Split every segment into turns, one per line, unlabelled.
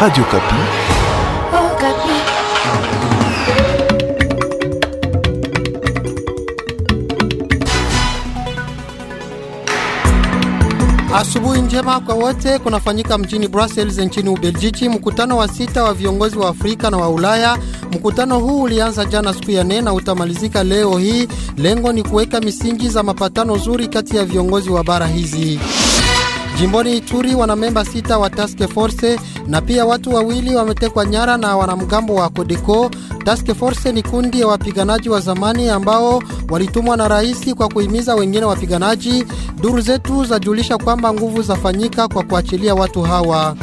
Radio Kapi.
Oh, Kapi. Asubuhi njema kwa wote. Kunafanyika mjini Brussels nchini Ubeljiji mkutano wa sita wa viongozi wa Afrika na wa Ulaya. Mkutano huu ulianza jana siku ya nne na utamalizika leo hii. Lengo ni kuweka misingi za mapatano zuri kati ya viongozi wa bara hizi. Jimboni Ituri, wanamemba sita wa task force na pia watu wawili wametekwa nyara na wanamgambo wa Kodeko. Task force ni kundi ya wapiganaji wa zamani ambao walitumwa na rais kwa kuhimiza wengine wapiganaji. Duru zetu zajulisha kwamba nguvu zafanyika kwa kuachilia watu hawa.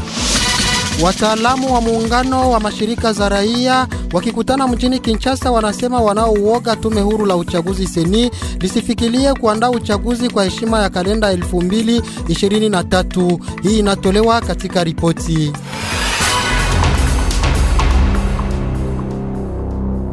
Wataalamu wa muungano wa mashirika za raia Wakikutana mjini Kinshasa, wanasema wanaouoga tume huru la uchaguzi seni lisifikilie kuandaa uchaguzi kwa heshima ya kalenda 2023. Hii inatolewa katika ripoti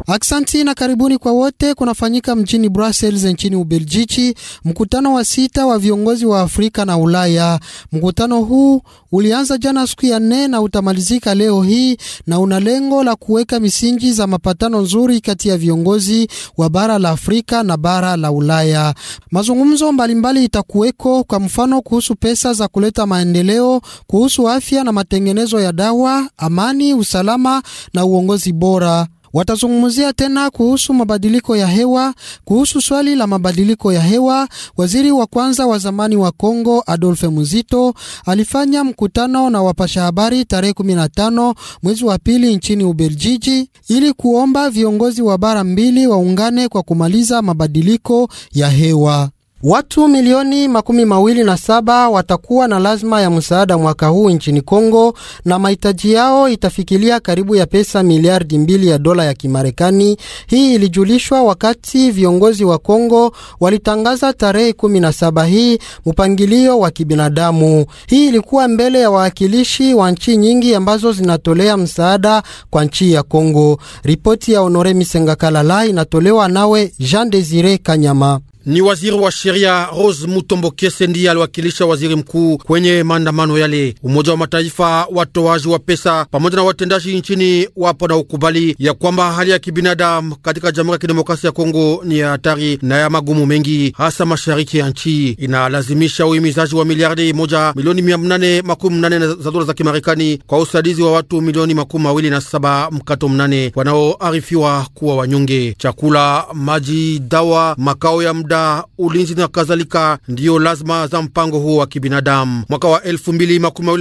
Aksanti na karibuni kwa wote. Kunafanyika mjini Brussels nchini Ubelgiji mkutano wa sita wa viongozi wa Afrika na Ulaya. Mkutano huu ulianza jana siku ya nne na utamalizika leo hii na una lengo la kuweka misingi za mapatano nzuri kati ya viongozi wa bara la Afrika na bara la Ulaya. Mazungumzo mbalimbali itakuweko, kwa mfano kuhusu pesa za kuleta maendeleo, kuhusu afya na matengenezo ya dawa, amani, usalama na uongozi bora. Watazungumzia tena kuhusu mabadiliko ya hewa. Kuhusu swali la mabadiliko ya hewa, waziri wa kwanza wa zamani wa Kongo Adolphe Muzito alifanya mkutano na wapasha habari tarehe 15 mwezi wa pili nchini Ubeljiji ili kuomba viongozi wa bara mbili waungane kwa kumaliza mabadiliko ya hewa. Watu milioni makumi mawili na saba watakuwa na lazima ya msaada mwaka huu nchini Kongo na mahitaji yao itafikilia karibu ya pesa miliardi mbili ya dola ya Kimarekani. Hii ilijulishwa wakati viongozi wa Kongo walitangaza tarehe kumi na saba hii mpangilio wa kibinadamu. Hii ilikuwa mbele ya wawakilishi wa nchi nyingi ambazo zinatolea msaada kwa nchi ya Kongo. Ripoti ya Honore misengakalala inatolewa nawe Jean Desire Kanyama.
Ni waziri wa sheria Rose Mutombo Kese ndiye aliwakilisha waziri mkuu kwenye maandamano yale. Umoja wa Mataifa, watoaji wa pesa pamoja na watendaji nchini wapo na ukubali ya kwamba hali ya kibinadamu katika Jamhuri ya Kidemokrasia ya Kongo ni ya hatari na ya magumu mengi, hasa mashariki ya nchi. Inalazimisha uhimizaji wa miliardi moja milioni mia mnane makumi mnane za dola za Kimarekani kwa usaidizi wa watu milioni makumi mawili na saba mkato mnane wanaoarifiwa kuwa wanyonge. Chakula, maji, dawa, makao ya mda viwanda, ulinzi na kadhalika, ndiyo lazima za mpango huo wa kibinadamu. Mwaka wa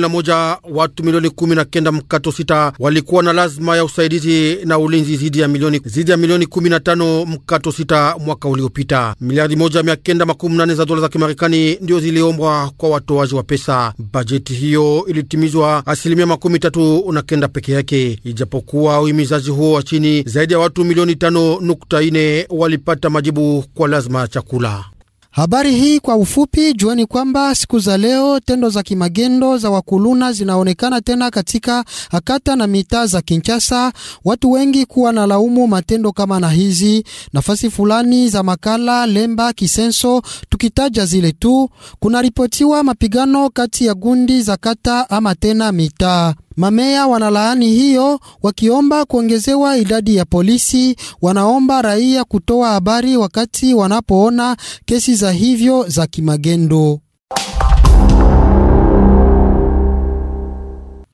moja watu milioni 19 mkato sita walikuwa na lazima ya usaidizi na ulinzi zidi ya milioni zidi ya milioni 15 mkato sita mwaka uliopita. Miliardi moja mia kenda makumi nane za dola za Kimarekani ndiyo ziliombwa kwa watoaji wa pesa. Bajeti hiyo ilitimizwa asilimia makumi tatu na kenda peke yake, ijapokuwa uhimizaji huo wa chini, zaidi ya watu milioni tano nukta ine walipata majibu kwa lazima chakula chakula.
Habari hii kwa ufupi, jueni kwamba siku za leo tendo za kimagendo za wakuluna zinaonekana tena katika akata na mitaa za Kinshasa, watu wengi kuwa na laumu matendo kama na hizi nafasi fulani za Makala, Lemba, Kisenso, tukitaja zile tu. Kunaripotiwa mapigano kati ya gundi za kata ama tena mitaa. Mameya wanalaani hiyo wakiomba kuongezewa idadi ya polisi. Wanaomba raia kutoa habari wakati wanapoona kesi za hivyo za kimagendo.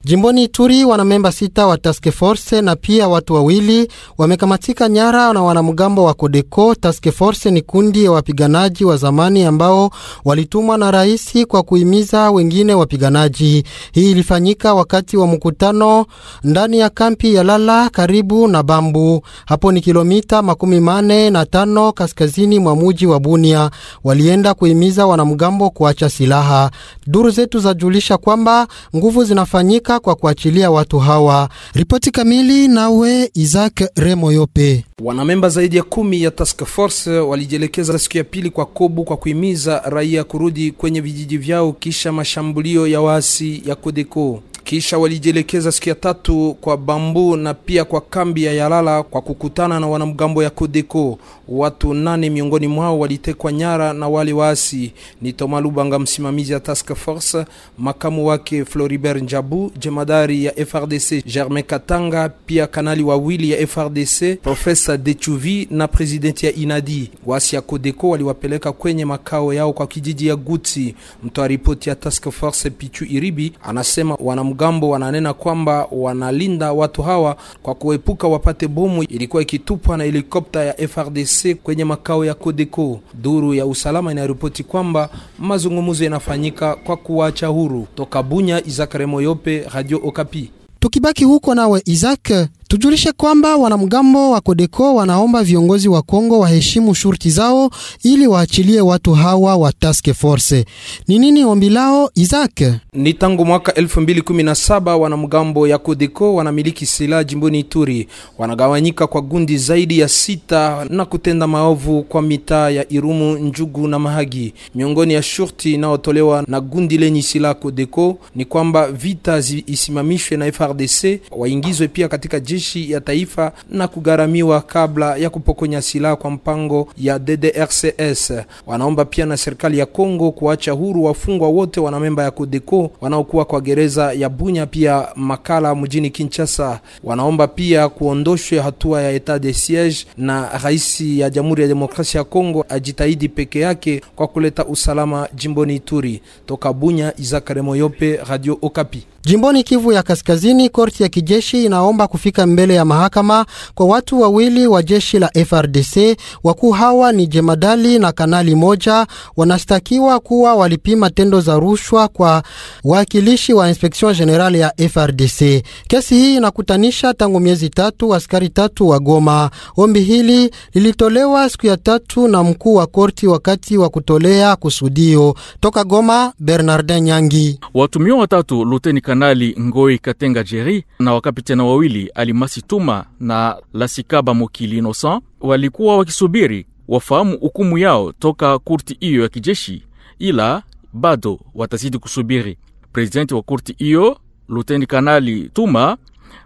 Jimboni Ituri wanamemba sita wa task force na pia watu wawili wamekamatika nyara na wanamgambo wa Kodeko. Task force ni kundi ya wapiganaji wa zamani ambao walitumwa na rais kwa kuhimiza wengine wapiganaji. Hii ilifanyika wakati wa mkutano ndani ya kampi ya Lala karibu na Bambu, hapo ni kilomita makumi mane na tano kaskazini mwa muji wa Bunia. Walienda kuhimiza wanamgambo kuacha silaha. Duru zetu zajulisha kwamba nguvu zinafanyika kuwajibika kwa kuachilia watu hawa. Ripoti kamili nawe Isaac Remoyope.
Wanamemba zaidi ya kumi ya task force walijielekeza siku ya pili kwa Kobu kwa kuhimiza raia kurudi kwenye vijiji vyao kisha mashambulio ya waasi ya Kodeko. Kisha walijielekeza siku ya tatu kwa Bambu na pia kwa kambi ya Yalala kwa kukutana na wanamgambo ya Kodeko. Watu nane miongoni mwao walitekwa nyara na wale waasi ni Toma Lubanga, msimamizi ya task force, makamu wake Floribert Njabu, jemadari ya FRDC Germain Katanga, pia kanali wawili ya FRDC Profesa Dechuvi na presidenti ya Inadi. Waasi ya Kodeko waliwapeleka kwenye makao yao kwa kijiji ya Guti. Mtoa ripoti ya task force Pichu Iribi anasema wanamgambo Wanamgambo wananena kwamba wanalinda watu hawa kwa kuepuka wapate bomu ilikuwa ikitupwa na helikopta ya FRDC kwenye makao ya Kodeko. Duru ya usalama inaripoti kwamba mazungumzo yanafanyika kwa kuwacha huru. Toka Bunya, Isaac Remoyope, Radio Okapi.
Tukibaki huko nawe Isaac Tujulishe kwamba wanamgambo wa Kodeko wanaomba viongozi wa Kongo waheshimu shurti zao ili waachilie watu hawa wa task force. Ni nini ombi lao Isaac?
Ni tangu mwaka 2017 wanamgambo ya Kodeko wanamiliki silaha jimboni Ituri, wanagawanyika kwa gundi zaidi ya sita na kutenda maovu kwa mitaa ya Irumu, Njugu na Mahagi. Miongoni ya shurti inayotolewa na gundi lenye silaha Kodeko ni kwamba vita isimamishwe na FRDC, waingizwe pia katika jeshi majeshi ya taifa na kugharamiwa kabla ya kupokonya silaha kwa mpango ya DDRCS. Wanaomba pia na serikali ya Kongo kuacha huru wafungwa wote wanamemba ya Kodeko wanaokuwa kwa gereza ya Bunya pia Makala mjini Kinshasa. Wanaomba pia kuondoshwe hatua ya etat de siege na rais ya Jamhuri ya Demokrasia ya Kongo ajitahidi peke yake kwa kuleta usalama jimboni Ituri. Toka Bunya, Isaac Remoyope, Radio Okapi. Jimboni Kivu
ya Kaskazini, korti ya kijeshi inaomba kufika mbele ya mahakama kwa watu wawili wa jeshi la FRDC. Wakuu hawa ni jemadali na kanali moja, wanashtakiwa kuwa walipima tendo za rushwa kwa wawakilishi wa inspektion general ya FRDC. Kesi hii inakutanisha tangu miezi tatu askari tatu wa Goma. Ombi hili lilitolewa siku ya tatu na mkuu wa korti wakati wa kutolea kusudio. Toka Goma, Bernardin Nyangi.
Watumio watatu luteni Kanali Ngoi Katenga Jeri na wakapitena wawili Alimasi Tuma na Lasikaba Mokili Innocent walikuwa wakisubiri wafahamu hukumu yao toka kurti hiyo ya kijeshi, ila bado watazidi kusubiri. Presidenti wa kurti hiyo Luteni Kanali Tuma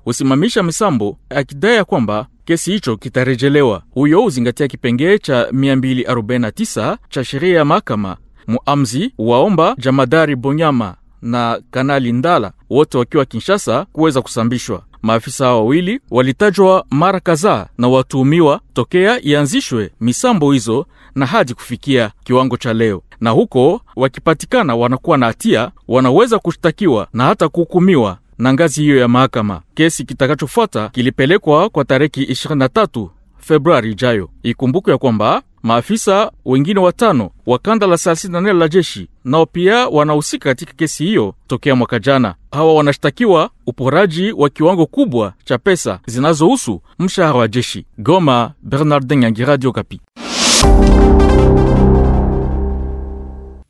husimamisha misambo akidai ya kwamba kesi hicho kitarejelewa. Huyo uzingatia kipengee cha 249 cha sheria ya mahakama. Muamzi waomba jamadari Bonyama na Kanali Ndala, wote wakiwa Kinshasa kuweza kusambishwa. Maafisa hao wawili walitajwa mara kadhaa na watuhumiwa tokea ianzishwe misambo hizo na hadi kufikia kiwango cha leo, na huko wakipatikana wanakuwa na hatia, wanaweza kushtakiwa na hata kuhukumiwa na ngazi hiyo ya mahakama. Kesi kitakachofuata kilipelekwa kwa tariki 23 Februari ijayo. Ikumbukwe ya kwamba Maafisa wengine watano wa kanda la 34 la jeshi nao pia wanahusika katika kesi hiyo tokea mwaka jana. Hawa wanashtakiwa uporaji wa kiwango kubwa cha pesa zinazohusu mshahara wa jeshi. Goma, Bernardin Nyangi, Radio Kapi.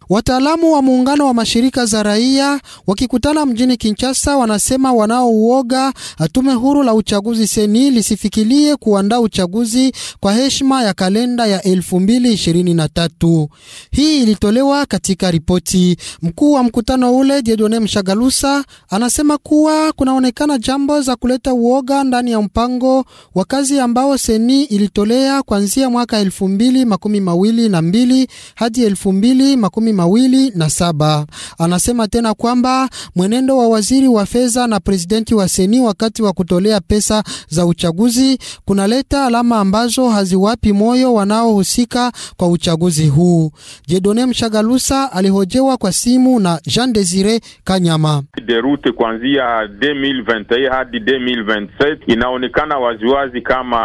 Wataalamu wa muungano wa mashirika za raia wakikutana mjini Kinshasa wanasema wanaouoga tume huru la uchaguzi seni lisifikilie kuandaa uchaguzi kwa heshima ya kalenda ya 2023. Hii ilitolewa katika ripoti. Mkuu wa mkutano ule Jedone Mshagalusa anasema kuwa kunaonekana jambo za kuleta uoga ndani ya mpango wa kazi ambao seni ilitolea kuanzia mwaka 2022 hadi 2023 mawili na saba. Anasema tena kwamba mwenendo wa waziri wa fedha na presidenti wa seni wakati wa kutolea pesa za uchaguzi kunaleta alama ambazo haziwapi moyo wanaohusika kwa uchaguzi huu. Jedone Mshagalusa alihojewa kwa simu na Jean Desire Kanyama.
Derute kuanzia 2021 hadi 2027 inaonekana waziwazi kama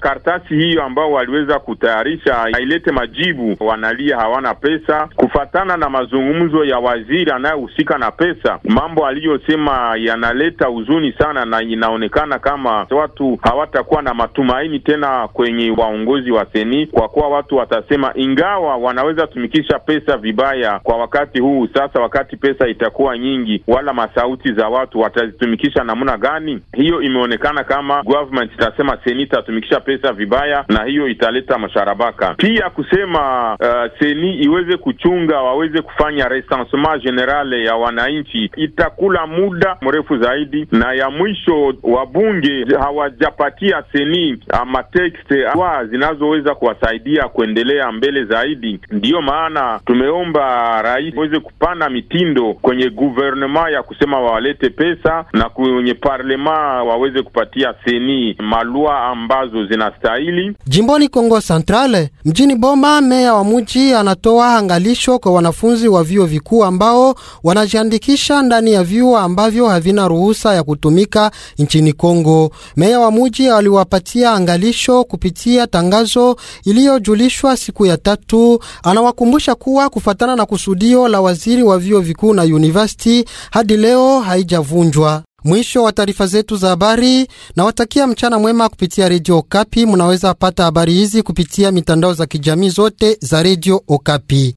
karatasi hiyo ambao waliweza kutayarisha hailete majibu, wanalia hawana pesa kufata kufuatana na mazungumzo ya waziri anayehusika na pesa, mambo aliyosema yanaleta huzuni sana, na inaonekana kama watu hawatakuwa na matumaini tena kwenye waongozi wa seni, kwa kuwa watu watasema ingawa wanaweza tumikisha pesa vibaya kwa wakati huu sasa, wakati pesa itakuwa nyingi, wala masauti za watu watazitumikisha namna gani? Hiyo imeonekana kama government itasema seni itatumikisha pesa vibaya, na hiyo italeta masharabaka pia kusema uh, seni iweze kuchunga hawawezi kufanya recensement generale ya wananchi, itakula muda mrefu zaidi. Na ya mwisho, wabunge hawajapatia seni matekste wa zinazoweza kuwasaidia kuendelea mbele zaidi. Ndiyo maana tumeomba rais aweze kupana mitindo kwenye guvernema ya kusema wawalete pesa na kwenye parlema waweze kupatia seni malua ambazo zinastahili.
Jimboni Kongo Centrale, mjini Boma, meya wa mji anatoa angalisho kwa wanafunzi wa vyuo vikuu ambao wanajiandikisha ndani ya vyuo ambavyo havina ruhusa ya kutumika nchini Kongo. Meya wa muji aliwapatia angalisho kupitia tangazo iliyojulishwa siku ya tatu. Anawakumbusha kuwa kufatana na kusudio la waziri wa vyuo vikuu na university hadi leo haijavunjwa. Mwisho wa taarifa zetu za habari, nawatakia mchana mwema kupitia redio Okapi. Munaweza pata habari hizi kupitia mitandao za kijamii zote za redio Okapi.